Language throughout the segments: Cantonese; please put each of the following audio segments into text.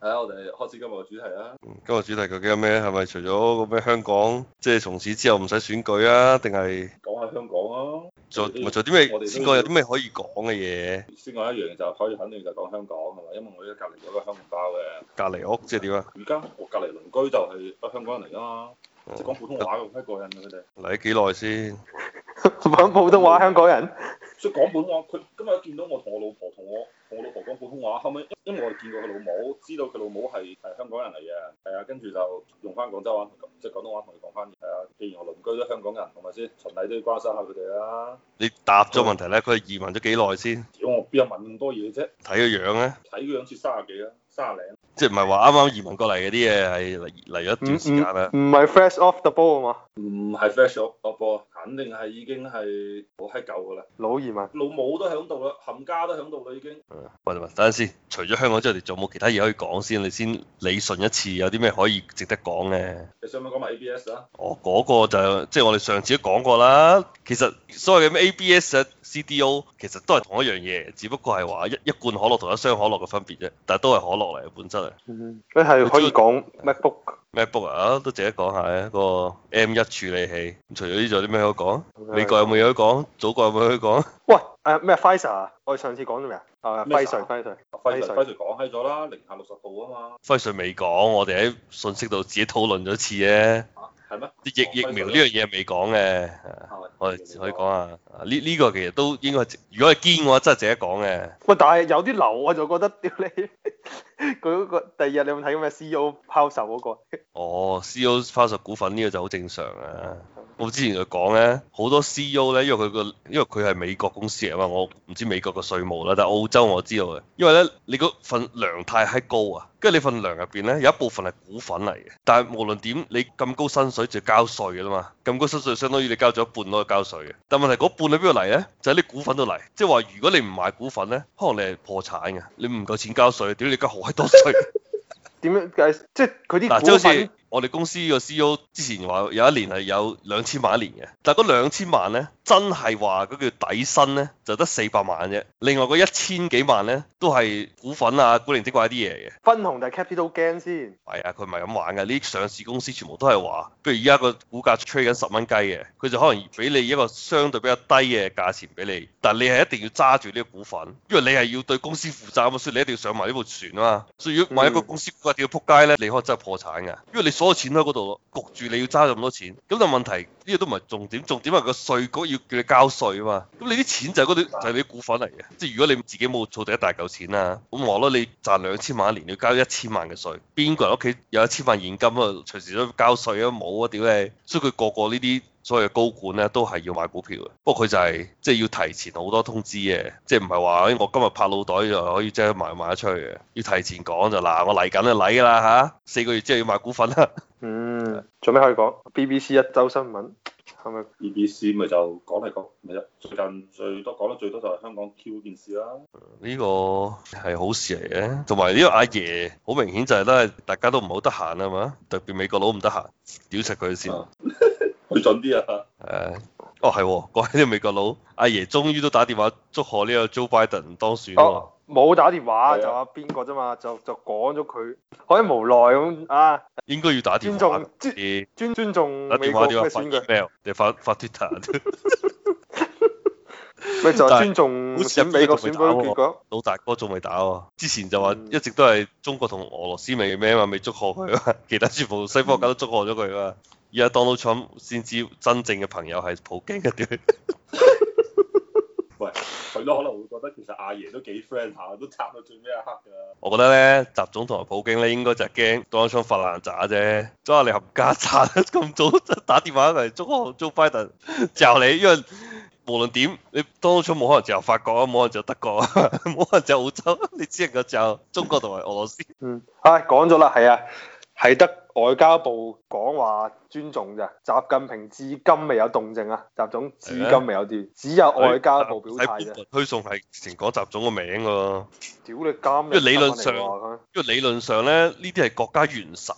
係啊，我哋開始今日嘅主題啦。今日主題究竟係咩？係咪除咗個咩香港，即係從此之後唔使選舉啊？定係講下香港咯、啊？做唔係？仲、欸、有啲咩、欸、先講？有啲咩可以講嘅嘢？先講一樣就可以肯定，就講香港係咪？因為我而家隔籬有個香港包嘅隔籬屋即，即係點啊？而家我隔籬鄰居就係香港人嚟啊嘛，嗯、即係講普通話嘅香港人嘅佢哋嚟幾耐先講普通話，香港人？所以講本話，佢今日見到我同我老婆同我同我老婆講普通話，後尾因為我係見過佢老母，知道佢老母係係香港人嚟嘅，係啊，跟住就用翻廣州話，即係廣東話同佢講翻。係啊，既然我鄰居都香港人，係咪先？巡禮都要關心下佢哋啦。你答咗問題咧，佢移民咗幾耐先？我邊有問咁多嘢啫？睇個樣啊，睇佢樣似卅幾啊，卅零。即係唔係話啱啱移民過嚟嗰啲嘢，係嚟嚟咗一段時間啊？唔係、嗯嗯、fresh off the ball 啊嘛？唔係 fresh off the ball。肯定係已經係好閪舊嘅啦，老二嘛，老母都喺度啦，冚家都喺度啦已經。喂、嗯，等陣先，除咗香港之外，你仲有冇其他嘢可以講先？你先理順一次，有啲咩可以值得講咧？你想唔想講埋 ABS 啊？哦，嗰個就，即係我哋上次都講過啦。其實所謂嘅咩 ABS、CDO，其實都係同一樣嘢，只不過係話一一罐可樂同一箱可樂嘅分別啫，但係都係可樂嚟，嘅，本質啊。佢你係可以講 MacBook。MacBook 啊，都值得講下嘅，呢個 M 一處理器，除咗呢，仲有啲咩可以講？美國、嗯、有冇嘢可以講？祖國有冇嘢可以講？喂，誒，咩？輝瑞，我哋上次講咗未啊？啊，輝瑞，輝瑞，輝、啊、瑞，輝瑞講起咗啦，零下六十度啊嘛。輝瑞未講，我哋喺信息度自己討論咗次嘅。係咩？啲疫疫苗呢樣嘢未講嘅， 我哋可以講啊。呢呢 個其實都應該，如果係堅嘅話，真係值得講嘅。喂，但係有啲流我就覺得，屌你佢，嗰個第二日你有冇睇過咩？CEO 拋售嗰、嗰個？哦，CEO 拋售股份呢個就好正常啊。我之前就講咧，好多 C E O 咧，因為佢個，因為佢係美國公司啊嘛，我唔知美國嘅稅務啦，但係澳洲我知道嘅。因為咧，你個份糧太閪高啊，跟住你份糧入邊咧，有一部分係股份嚟嘅。但係無論點，你咁高薪水就交稅㗎啦嘛。咁高薪水相當於你交咗一半都係交稅嘅。但係問題嗰半喺邊度嚟咧？就喺啲股份度嚟。即係話，如果你唔賣股份咧，可能你係破產嘅。你唔夠錢交稅，點你交好何閪多稅？點 樣解？即係佢啲股份，啊。就是我哋公司個 CEO 之前話有一年係有兩千萬一年嘅，但係嗰兩千萬咧，真係話嗰叫底薪咧。就得四百萬啫，另外嗰一千幾萬呢，都係股份啊、古靈精怪啲嘢嘅。分紅就係 capital gain 先。係啊，佢唔係咁玩嘅。呢啲上市公司全部都係話，譬如依家個股價 trade 緊十蚊雞嘅，佢就可能俾你一個相對比較低嘅價錢俾你，但係你係一定要揸住呢個股份，因為你係要對公司負責嘛。所以你一定要上埋呢部船啊嘛。所以如果某一個公司股價跌到撲街呢，你可能真係破產嘅，因為你所有錢喺嗰度焗住，你要揸咁多錢。咁但係問題呢、呢個都唔係重點，重點係個稅局要叫你交稅啊嘛。咁你啲錢就喺就係啲股份嚟嘅，即係如果你自己冇儲第一大嚿錢啦、啊，咁話咯，你賺兩千萬一年要交一千萬嘅稅，邊個人屋企有一千萬現金啊？隨時都交稅啊？冇啊！屌你，所以佢個個呢啲所謂高管咧，都係要買股票嘅。不過佢就係即係要提前好多通知嘅，即係唔係話我今日拍腦袋就可以即刻賣賣得出去嘅，要提前講就嗱，我嚟緊啊嚟啦嚇，四個月之後要買股份啦。嗯，做咩可以講 BBC 一周新聞？係咪 BBC 咪就講嚟講，咪啦最近最多講得最多就係香港 Q 件事啦、啊。呢、呃這個係好事嚟嘅，同埋呢個阿爺好明顯就係咧，大家都唔好得閒啊嘛，特別美國佬唔得閒，屌實佢先，去準啲啊。誒、 啊呃，哦係，講起呢個美國佬，阿爺終於都打電話祝賀呢個 Joe Biden 當選喎、哦。啊冇打電話就阿邊個啫嘛，就就講咗佢，可以無奈咁啊。應該要打電話。尊重尊尊重美國選嘅咩？你發發 twitter。咪就係尊重。一啲嘢都未打。老大哥仲未打，之前就話一直都係中國同俄羅斯未咩嘛，未祝賀佢啊，其他全部西方國家都祝賀咗佢啊。而家 Donald Trump 先知真正嘅朋友係普京嘅。喂，佢都可能會覺得其實阿爺都幾 friend，下都插到最尾一刻噶。我覺得咧，習總同埋普京咧，應該就係驚當初發爛渣啫。咁啊，你冚家鏟咁早打電話嚟，中國做 fighter 罩你，因為無論點，你當初冇可能就法國啊，冇可能就德國啊，冇 可能就澳洲，你知只能夠就中國同埋俄羅斯。 嗯，啊講咗啦，係啊，係得外交部講話。尊重咋？習近平至今未有動靜啊！習總、啊、至今未有啲，只有外交部表態、哎、推送仲係之前講習總個名喎、啊。屌你監，因為理論上，因為理論上咧，呢啲係國家元首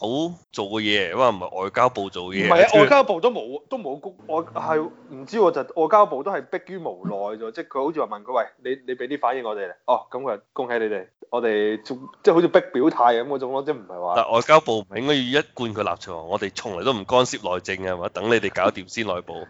做嘅嘢，因為唔係外交部做嘅嘢。唔係啊，外交部都冇，都冇我係唔知，就是、外交部都係逼於無奈啫。即係佢好似話問佢喂，你你俾啲反應我哋咧？哦，咁啊，恭喜你哋，我哋即係好似逼表態咁嗰種咯，即係唔係話？但外交部唔應該要一貫佢立場，我哋從嚟都唔該。涉內政啊嘛，等你哋搞掂先內部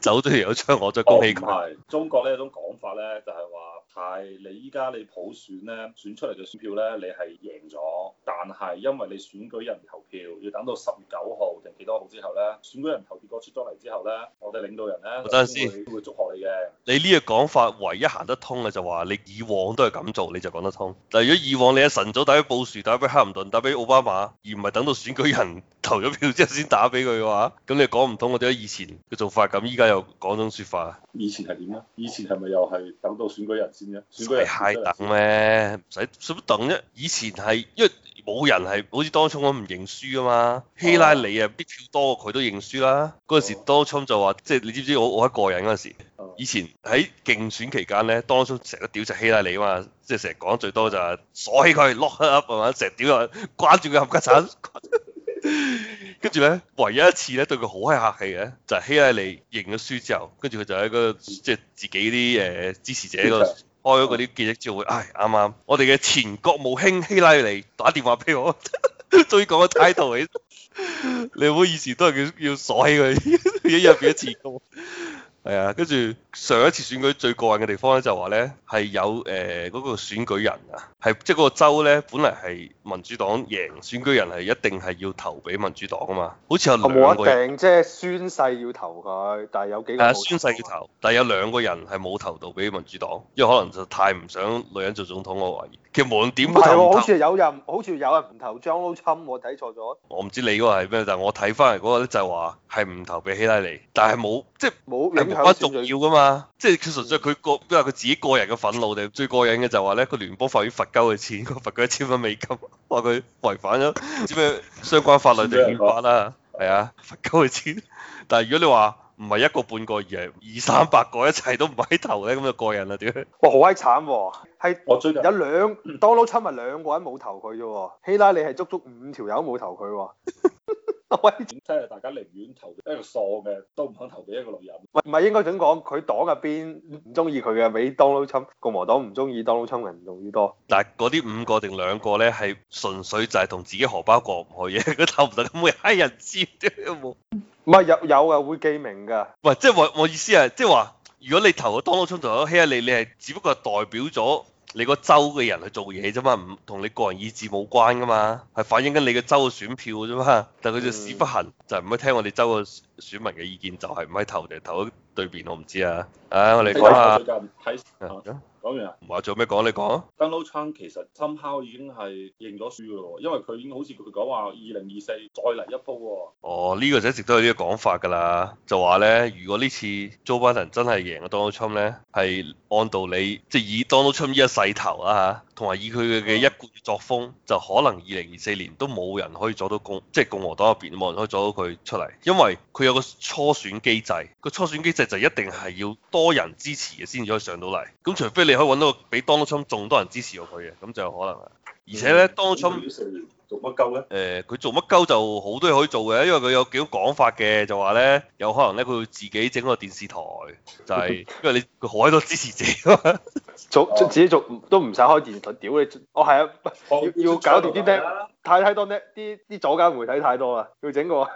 走咗，條友將我再恭喜佢。中國呢有種講法咧，就係話係你依家你普選咧選出嚟嘅選票咧，你係贏咗，但係因為你選舉人投票要等到十月九號定幾多號之後咧，選舉人投票結果出咗嚟之後咧，我哋領導人咧，我等陣先會祝賀你嘅。你呢個講法唯一行得通嘅就話你以往都係咁做，你就講得通。但係如果以往你喺晨早打俾布殊，打俾克林頓，打俾奧巴馬，而唔係等到選舉人。投咗票之後先打俾佢嘅話，咁你講唔通我哋喺以前嘅做法咁，依家又講種説法啊？以前係點咧？以前係咪又係等到選舉日先啫？選舉日？唔使等咩？唔使，使乜等啫？以前係因為冇人係，好似當初咁唔認輸啊嘛。啊希拉里啊，啲票多過佢都認輸啦。嗰陣時，當初就話，即係你知唔知我我一個人嗰陣時，以前喺競選期間咧，當初成日屌隻希拉里啊嘛，即係成日講最多就係鎖起佢 lock up 係嘛，成日屌佢關住佢冚家鏟。跟他跟他跟他 跟住咧，唯一一次咧對佢好係客氣嘅，就係、是、希拉里認咗輸之後，跟住佢就喺、那個即係自己啲誒、呃、支持者嗰度開咗個啲記憶照。會、哎。唉，啱啱我哋嘅前國務卿希拉里打電話俾我，最講嘅態度嚟，你唔好意思都係要要鎖起佢，一日幾多次係啊，跟住上一次選舉最過癮嘅地方咧，就話咧係有誒嗰、呃嗰個選舉人啊，係即係嗰個州咧本嚟係民主黨贏，選舉人係一定係要投俾民主黨啊嘛，好似有兩個。冇啊，定即係宣誓要投佢，但係有幾個。係啊，宣誓要投，但係有兩個人係冇投到俾民主黨，因為可能就太唔想女人做總統，我懷疑。條門點解好似有人好似有人唔投唐老侵，Trump, 我睇錯咗。我唔知你嗰個係咩，但係我睇翻嚟嗰個咧就話係唔投俾希拉里，但係冇即係冇唔投都重要噶嘛。即係佢純粹佢個都係佢自己個人嘅憤怒定最過癮嘅就話咧，佢聯邦法院罰佢錢，罰佢一千蚊美金，話佢違反咗咩相關法律定憲法啦。係啊、嗯，罰佢嘅錢。但係如果你話，唔係一個半個而係二三百個一，一齊都唔係投咧，咁就過癮啦。點哇，好閪慘喎，係我最近有兩當撈親民兩個人冇投佢啫。希拉里係足足五條友冇投佢喎。 喂，點解係大家寧願投一個傻嘅，都唔肯投俾一個女人。唔係，應該點講？佢黨入邊唔中意佢嘅，俾當佬侵共和黨唔中意當佬侵嘅人仲多。但係嗰啲五個定兩個咧，係純粹就係同自己荷包過唔去嘅。佢投唔到，咁會閪人知。唔 係有有噶，會記名噶。喂，即係我我意思係、啊，即係話如果你投咗當佬侵同咗希拉里，你係只不過係代表咗。你個州嘅人去做嘢啫嘛，唔同你個人意志冇關噶嘛，係反映緊你個州嘅選票啫嘛。但佢就屎忽痕，就係唔可以聽我哋州嘅選民嘅意見，就係唔可以投定投喺對邊，我唔知啊。誒、啊，我哋講下。講完啊，唔係仲有咩講？你講。Donald Trump 其實深拋已經係認咗輸噶咯，因為佢已經好似佢講話二零二四再嚟一波。哦，呢、這個就一直都係呢個講法噶啦，就話咧，如果呢次 Joe Biden 真係贏 Donald Trump 咧，係按道理即係、就是、以 Donald Trump 呢一勢頭啊同埋以佢嘅嘅一貫作風，嗯、就可能二零二四年都冇人可以阻到共，即、就、係、是、共和黨入邊冇人可以阻到佢出嚟，因為佢有個初選機制，個初選機制就一定係要多人支持嘅先至可以上到嚟，咁除非，你可以揾到比 Donald Trump 仲多人支持過佢嘅，咁就可能啦。而且咧，嗯、Donald Trump 做乜鳩咧？誒、呃，佢做乜鳩就好多嘢可以做嘅，因為佢有幾種講法嘅，就話咧有可能咧佢會自己整個電視台， 就係、是、因為你佢好多支持者， 做自己做都唔使開電視台，屌你！哦，係啊，哦、要、哦、要，要搞掂啲聽。啊。太，太多啲啲左派媒體太多啦，佢整個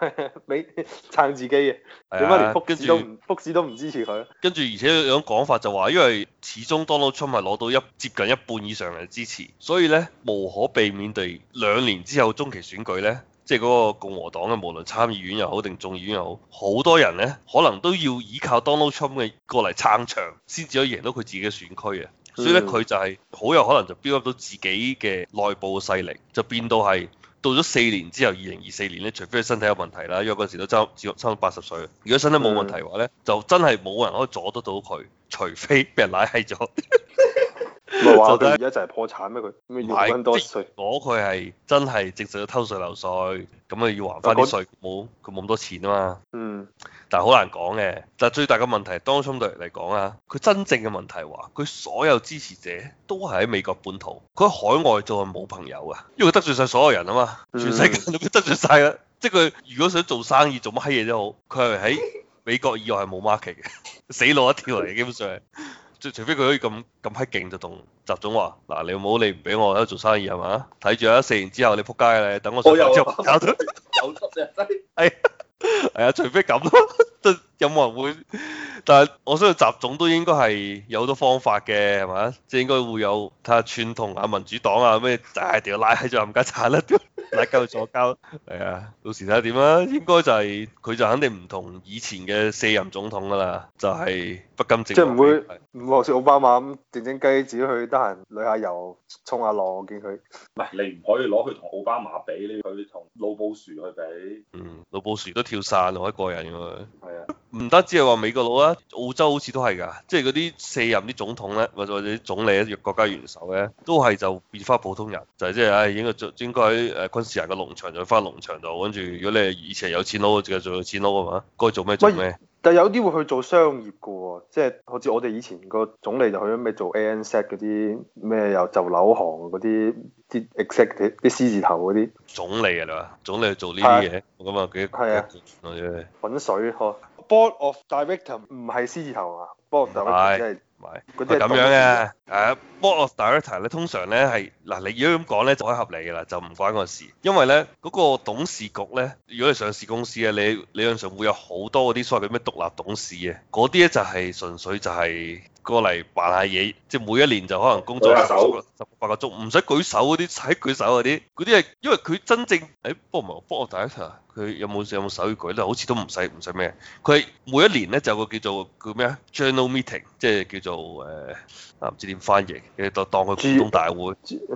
俾 撐自己嘅，點解的連福士都唔著福士都唔支持佢？跟住而且有種講法就話，因為始終 Donald Trump 係攞到一接近一半以上嘅支持，所以咧無可避免地兩年之後中期選舉咧，即係嗰個共和黨嘅無論參議院又好定眾議院又好，好多人咧可能都要依靠 Donald Trump 嘅過嚟撐場，先至可以贏到佢自己嘅選區啊！所以咧，佢就係好有可能就 build up 自己嘅內部勢力，就變到係到咗四年之後，二零二四年咧，除非佢身體有問題啦，因為嗰陣時都差唔多八十歲。如果身體冇問題嘅話咧，就真係冇人可以阻得到佢，除非俾人拉閪咗。唔係話而家就係破產咩？佢唔係即攞，佢係真係直接偷稅漏稅咁啊，要還翻啲稅，冇佢冇咁多錢啊嘛。嗯，但係好難講嘅，但係最大嘅問題，當初對人嚟講啊，佢真正嘅問題，話佢所有支持者都係喺美國本土，佢喺海外做係冇朋友啊，因為佢得罪晒所有人啊嘛，全世界都得罪晒啦、嗯、即係佢如果想做生意做乜閪嘢都好，佢係喺美國以外係冇 market 嘅 死路一條嚟基本上。即，除非佢可以咁咁閪勁就同習總話嗱，你好，你唔俾我喺度做生意係嘛？睇住啊，四年之後你撲街嘅，你等我所有之後搞 有出有出四啊雞？係 啊，除非咁咯，都有冇人會？但係我相信習總都應該係有好多方法嘅係嘛？即、即係、應該會有睇下串同啊民主黨啊咩大條拉喺咗冚家鏟甩屌！拉交左交，係、哎、啊，到時睇下點啦。應該就係、是、佢就肯定唔同以前嘅四任總統噶啦，就係、是、不金政。即係唔會好似奧巴馬咁靜靜雞，自己去得閒旅下游，沖下浪。我見佢唔係，你唔可以攞佢同奧巴馬比，你佢同老布殊去比。嗯，老布殊都跳傘落一個人咁是啊。係啊，唔得，只係話美國佬啊，澳洲好似都係噶，即係嗰啲四任啲總統咧，或者或者總理咧，國家元首咧，都係就變翻普通人，就係即係唉，應該應該誒。軍事人個農場就翻農場做，跟住如果你以前有錢佬，就有錢做錢佬啊嘛。該做咩做咩。喂，但有啲會去做商業噶喎，即係好似我哋以前個總理就去咗咩做 ANZ 嗰啲咩又就樓行嗰啲啲 exec 啲啲獅子頭嗰啲總理啊嘛，總理去做呢啲嘢，咁啊幾幾。係啊。誒。粉水呵好，Board of Director 唔係獅子頭啊，Board of Director 真係。是係咁、啊、樣嘅，誒，board of director 咧，通常咧係嗱，你如果咁講咧，就可以合理㗎啦，就唔關我事，因為咧，嗰、那個董事局咧，如果係上市公司咧，你理論上會有好多嗰啲所謂嘅咩獨立董事嘅，嗰啲咧就係、是、純粹就係、是。過嚟扮下嘢，即係每一年就可能工作十個十八個鐘，唔使手舉手嗰啲，使舉手嗰啲，嗰啲係因為佢真正，誒、哎，幫唔幫我打一打佢有冇有冇手要舉咧？好似都唔使唔使咩，佢每一年咧就有個叫做叫咩啊，journal meeting，即係叫做誒，啊唔知點翻譯，誒當當佢股東大會。知知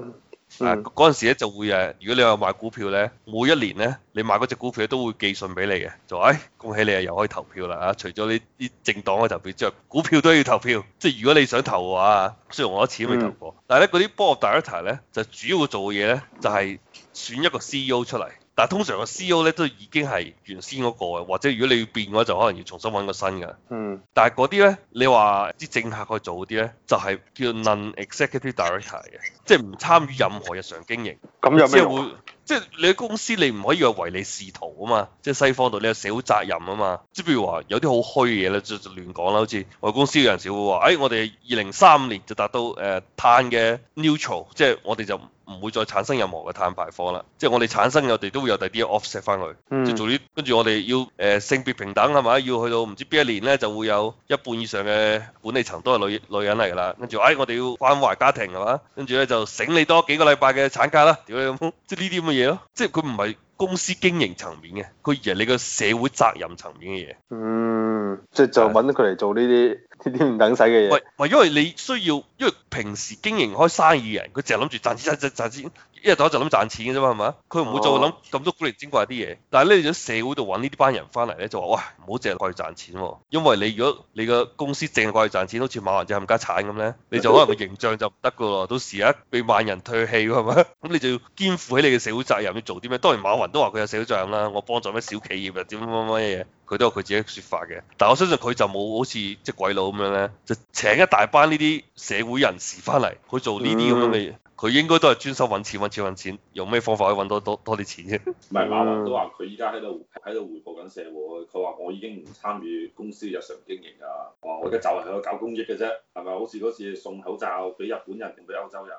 啊！嗰、嗯、時咧就會誒，如果你有買股票咧，每一年咧你買嗰隻股票都會寄信俾你嘅，就係、哎、恭喜你啊，又可以投票啦嚇！除咗呢啲政黨嘅投票之外，股票都要投票，即係如果你想投嘅話啊，雖然我一次都未投過，嗯、但係咧嗰啲 board of director 咧就主要做嘅嘢咧就係、是、選一個 CEO 出嚟。但係通常個 CEO 咧都已經係原先嗰、那個嘅，或者如果你要變嘅話，就可能要重新揾個新嘅。嗯。但係嗰啲咧，你話啲政客去做嗰啲咧，就係、是、叫 non-executive director 嘅，即係唔參與任何日常經營。咁有咩用、啊？即係、就是、你喺公司你唔可以話唯利是圖啊嘛，即、就、係、是、西方度你有社會責任啊嘛。即係譬如話有啲好虛嘅嘢咧，就就亂講啦。好似我哋公司有陣時會話，誒、哎、我哋二零三五年就達到誒碳、呃、嘅 neutral，即係我哋就。唔會再產生任何嘅碳排放啦，即係我哋產生，我哋都會有第啲 offset 翻去，即係、嗯、做啲跟住我哋要誒、呃、性別平等係咪？要去到唔知邊一年咧就會有一半以上嘅管理層都係女女人嚟㗎啦，跟住誒我哋要關懷家庭係嘛？跟住咧就醒你多幾個禮拜嘅產假啦，屌你咁即係呢啲咁嘅嘢咯，即係佢唔係。公司經營層面嘅，佢而係你個社會責任層面嘅嘢。嗯，即係就揾佢嚟做呢啲呢啲唔等使嘅嘢。喂喂，因為你需要，因為平時經營開生意人，佢淨係諗住賺錢、賺賺賺錢，一日到黑就諗賺錢嘅啫嘛，係嘛？佢唔會做諗咁多古靈精怪啲嘢。但係咧，你喺社會度揾呢啲班人翻嚟咧，就話：喂，唔好淨係掛住賺錢喎。因為你如果你個公司淨係掛住賺錢，好似馬雲就冚家鏟咁咧，你就可能個形象就唔得噶喎， 到時一被萬人唾棄，係咪？咁你就要肩負起你嘅社會責任，要做啲咩？當然馬雲。都話佢有小會啦，我幫助咩小企業啊？點乜乜嘢？佢都有佢自己嘅説法嘅，但我相信佢就冇好似即係鬼佬咁樣咧，就請一大班呢啲社會人士翻嚟去做呢啲咁樣嘅嘢，佢應該都係專心揾錢、揾錢、揾錢，用咩方法去揾多多多啲錢啫？唔係馬雲都話佢依家喺度喺度回報緊社會，佢話我已經唔參與公司日常經營㗎，話我而家就係喺度搞公益嘅啫，係咪？好似嗰次送口罩俾日本人定俾歐洲人？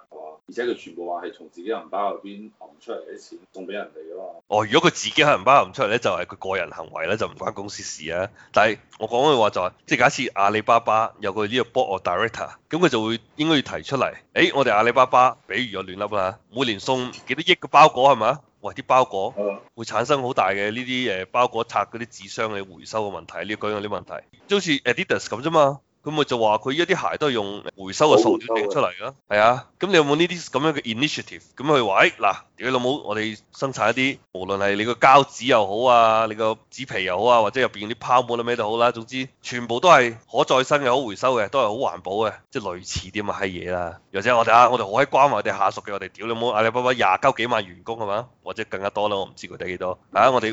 而且佢全部話係從自己銀包入邊攔出嚟嘅錢送俾人哋咯。哦，如果佢自己喺銀包攔出嚟咧，就係佢個人行為咧，就唔關公司事啊，但係我講嗰句話就係、是，即係假設阿里巴巴有個呢個 board of directors，咁佢就會應該要提出嚟，誒、欸，我哋阿里巴巴，比如我亂噏啦，每年送幾多億嘅包裹係咪啊？喂，啲包裹會產生好大嘅呢啲誒包裹拆嗰啲紙箱嘅回收嘅問題，呢、這個嗰樣啲問題，就好似 Adidas 咁啫嘛。咁咪就話：佢依家啲鞋都係用回收嘅塑料製出嚟啦，係啊。咁你有冇呢啲咁樣嘅 initiative？咁佢話：嗱、哎，屌你老母，我哋生產一啲，無論係你個膠紙又好啊，你個紙皮又好啊，或者入邊啲泡沫啊咩都好啦，總之全部都係可再生又好回收嘅，都係好環保嘅，即係類似啲咁嘅嘢啦。又或者我哋啊，我哋好閪關懷我哋下屬嘅，我哋屌你老母，阿里巴巴廿交幾萬員工係嘛，或者更加多啦，我唔知佢哋幾多嚇、啊，我哋，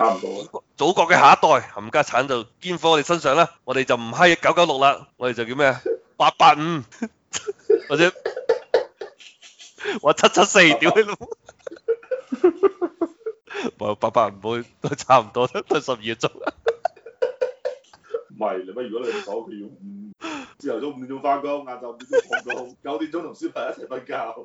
祖國嘅下一代冚家產就肩負我哋身上啦，我哋就唔係九九六啦，我哋就叫咩啊？八八五或者我七七四，屌你老母，唔係八八五都差唔多都十二點鐘啦。唔係你乜？如果你早，佢要五朝頭早五點鐘翻工，晏晝五點鐘放工，九點鐘同小朋友一齊瞓覺。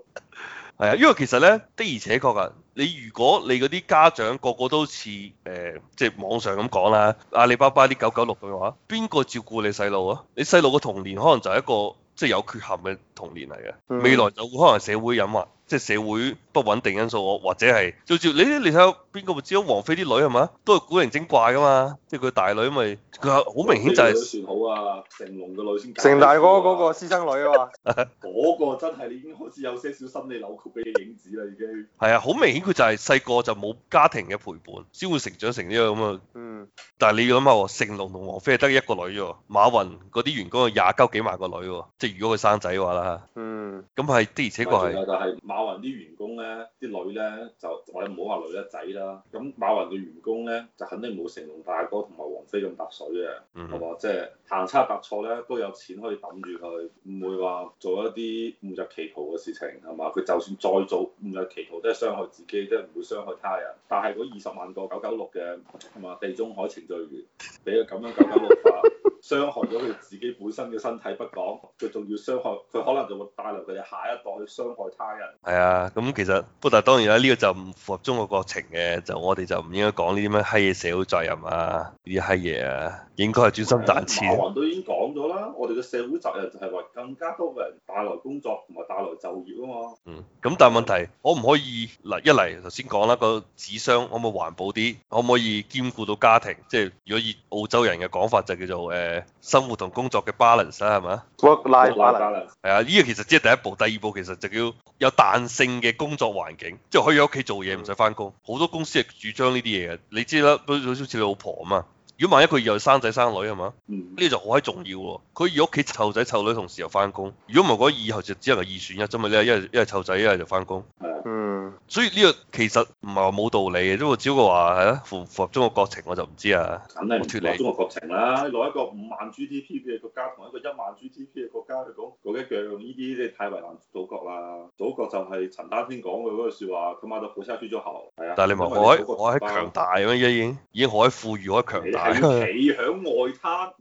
係啊，因為其實咧的而且確啊，你如果你嗰啲家長個個都似誒、呃，即係網上咁講啦，阿里巴巴啲九九六嘅話，邊個照顧你細路啊？你細路嘅童年可能就係一個即係、就是、有缺陷嘅童年嚟嘅，未來就會可能社會隱患。即係社會不穩定因素，或者係，就至你你睇下邊個會知道王菲啲女係嘛？都係古靈精怪噶嘛。即係佢大女，因為佢好明顯就係、算。好啊，成龍嘅女先、啊。成大哥嗰個私生女啊嘛，嗰 個真係你已經開始有些少心理扭曲畀你影子啦，已經。係 啊，好明顯佢就係細個就冇家庭嘅陪伴，先會成長成呢個咁啊。嗯但係你要諗下，成龍同王菲係得一個女啫，馬雲嗰啲員工廿九幾萬個女，即係如果佢生仔嘅話、嗯、啦，嗯，咁係的而且確係。仲有馬雲啲員工咧，啲女咧就我唔好話女一仔啦，咁馬雲嘅員工咧就肯定冇成龍大哥同埋王菲咁搭水嘅，係嘛、嗯，即係、就是、行差踏錯咧都有錢可以抌住佢，唔會話做一啲誤入歧途嘅事情，係嘛，佢就算再做誤入歧途都係傷害自己，都係唔會傷害他人。但係嗰二十萬個九九六嘅，係嘛，地中海程序員俾佢咁樣咁樣惡化，傷害咗佢自己本身嘅身體不講，佢仲要傷害，佢可能就會帶來佢哋下一代去傷害他人。係啊，咁其實，不過當然啦，呢個就唔符合中國國情嘅，就我哋就唔應該講呢啲咩黑嘢社會責任啊，呢啲「黑嘢」啊，應該係專心賺錢。佢嘅社會責任就係為更加多嘅人帶來工作同埋帶來就業啊嘛。嗯，咁但係問題可唔可以嗱一嚟頭先講啦，個紙箱可唔可以環保啲？可唔可以兼顧到家庭？即係如果以澳洲人嘅講法就叫做誒、呃、生活同工作嘅 balance 啦，係咪啊？Work life balance。係啊，呢個其實即係第一步，第二步其實就叫有彈性嘅工作環境，即、就、係、是、可以喺屋企做嘢，唔使翻工。好多公司係主張呢啲嘢嘅，你知啦，好似你老婆啊嘛。如果萬一佢又生仔生女係嘛？呢個就好閪重要喎。佢如屋企湊仔湊女同時又翻工，如果唔係講以後就只能係二選一啫嘛？你係一係一係湊仔，一係就翻工。嗯。嗯所以呢個其實唔係話冇道理，因為只不過話係咯符符合中國國情我就唔知啊。肯定唔脫離中國國情啦。攞一個五萬 GDP 嘅國家同一個一萬 GDP 嘅國家嚟講，嗰一樣呢啲咧太為難祖國啦、啊。祖國就係陳丹先講嘅嗰句說話：佢買到本身出咗喉。係啊。但係你問我，我我喺強大咩？已經已經我喺富裕，我喺強大你。企喺外灘。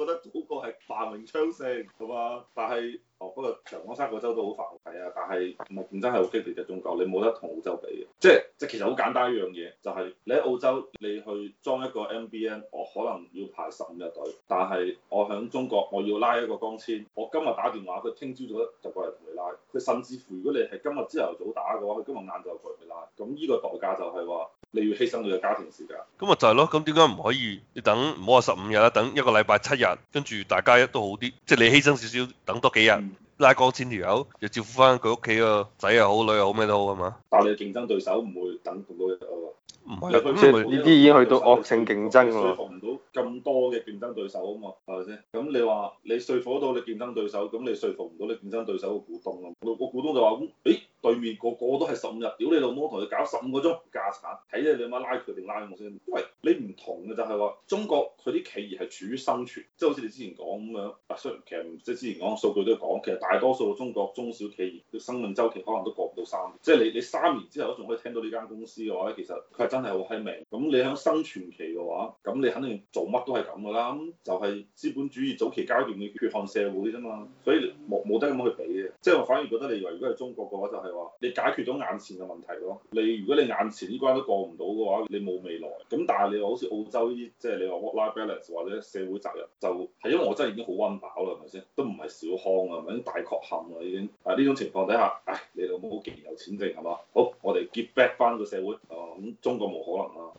覺得嗰個係繁榮昌盛，好嘛，但係哦，不、那、過、個、長江三角洲都好繁榮啊，但係競爭真係好激烈嘅。中國你冇得同澳洲比嘅，即係即係其實好簡單一樣嘢，就係、是、你喺澳洲你去裝一個 MBN，我可能要排十五日隊，但係我響中國我要拉一個光纖，我今日打電話，佢聽朝早就過嚟同你拉，佢甚至乎如果你係今日朝頭早打嘅話，佢今日晏晝就會拉。咁呢個代價就係話。你要犧牲你嘅家庭時間。咁啊就係咯，咁點解唔可以？你等唔好話十五日啦，等一個禮拜七日，跟住大家一都好啲，即係你犧牲少少，等多幾日，嗯、拉過千條友，又照顧翻佢屋企個仔又好，女又好，咩都好啊嘛。但你競爭對手唔會等到多日啊。唔係，佢呢啲已經去到惡性競爭喎。説服唔到咁多嘅競爭對手啊嘛，係咪先？咁你話你説服到你競爭對手，咁你説服唔到你競爭對手個股東啊？個股東就話：誒。對面個個都係十五日，屌你老母同你搞十五個鐘價產，睇你有有你媽拉佢定拉我先。因為你唔同嘅就係話中國佢啲企業係處於生存，即係好似你之前講咁樣。雖然其實即係之前講數據都講，其實大多數中國中小企業嘅生命週期可能都過唔到三年。即係你你三年之後仲可以聽到呢間公司嘅話，其實佢係真係好閪命。咁你喺生存期嘅話，咁你肯定做乜都係咁噶啦。咁就係資本主義早期階段嘅血汗社會啫嘛。所以冇冇得咁去比嘅，即係我反而覺得你以為如果係中國嘅話就係。你解決咗眼前嘅問題咯，你如果你眼前呢關都過唔到嘅話，你冇未來。咁但係你話好似澳洲呢啲，即係你話 work-life balance 或者社會責任，就係因為我真係已經好温飽啦，係咪先？都唔係小康啊，係咪已經大確幸啦已經。啊，呢種情況底下，唉，你老母竟然有錢剩係嘛？好，我哋 give back 返個社會。啊，咁中國冇可能啦。